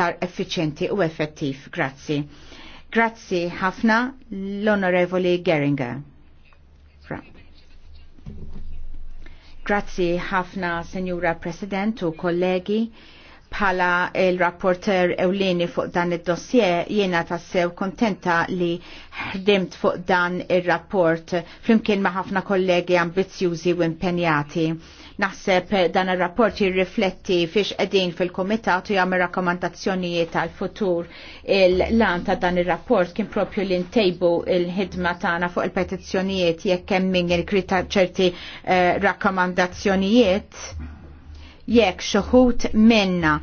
iktar effiċenti u effettiv. Grazzi. Grazzi ħafna l-Onorevoli Geringer. Grazzi ħafna, Senjura President u kollegi Bħala il-rapporter ewleni fuq dan id-dossier jiena tassew kontenta li ħdimt fuq dan il-rapport flimkien ma' ħafna kollegi ambizjużi u impenjati. Naħseb dan il-rapport jirrifletti fiex edin fil-komitat u jagħmel rakkomandazzjonijiet għal futur il-lan ta' dan il-rapport kien propju li ntejbu il-ħidma tagħna fuq il-petizzjonijiet jekk hemm min il-krita ċerti uh, rakkomandazzjonijiet jekk xoħut minna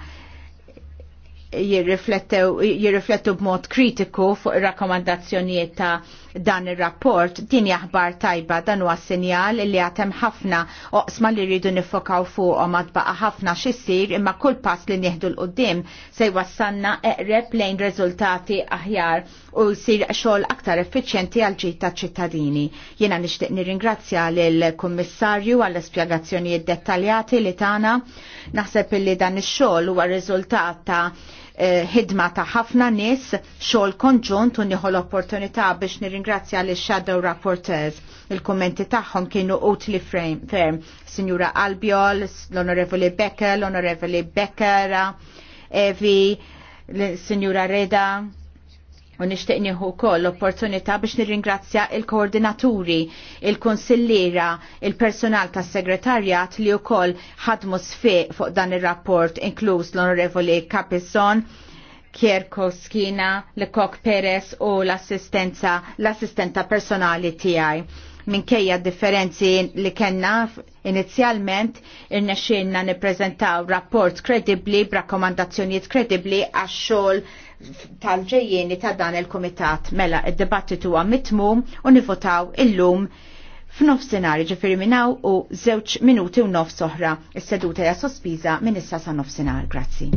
jirriflettu b'mod kritiku fuq ir-rakkomandazzjonijiet ta' dan ir-rapport, din jaħbar tajba dan huwa sinjal li għatem ħafna oqsma li rridu nifokaw fuqhom tbaqa' ħafna xissir imma kull pass li nieħdu l-qudiem se jwassanna eqreb lejn riżultati aħjar u jsir xogħol aktar effiċjenti għal ġid taċ-ċittadini. Jiena nixtieq nirringrazzja lill kummissarju għall espjegazzjonijiet dettaljati li tagħna. Naħseb illi dan ix-xogħol huwa riżultat ta' Eh, ħidma ta' ħafna nis xogħol konġunt u nieħu l-opportunità biex nirringrazzja l shadow rapporteurs. Il-kommenti tagħhom kienu utli ferm. Sinjura Albiol, l-Onorevoli Becker, l-Onorevoli Becker, Evi, l-Sinjura Reda, u nishtiq nieħu wkoll l-opportunità biex nirringrazzja il-koordinaturi, il-konsillira, il-personal tas segretarjat li wkoll ħadmu sfiq fuq dan ir-rapport inkluż l-Onorevoli Capison, Kierko Skina, Lekok Perez u l-assistenza l-assistenta personali tiegħi minkejja differenzi li kenna inizjalment irnexxinna nippreżentaw rapport kredibbli b'rakkomandazzjonijiet kredibbli għax-xogħol tal-ġejjieni ta' dan il-Kumitat mela id-dibattitu huwa mitmum u nivotaw illum f'nofsinhar ġifiri minnaw u żewġ minuti u nofs oħra. Is-seduta hija sospiża minn issa sa nofsinhar. Grazzi.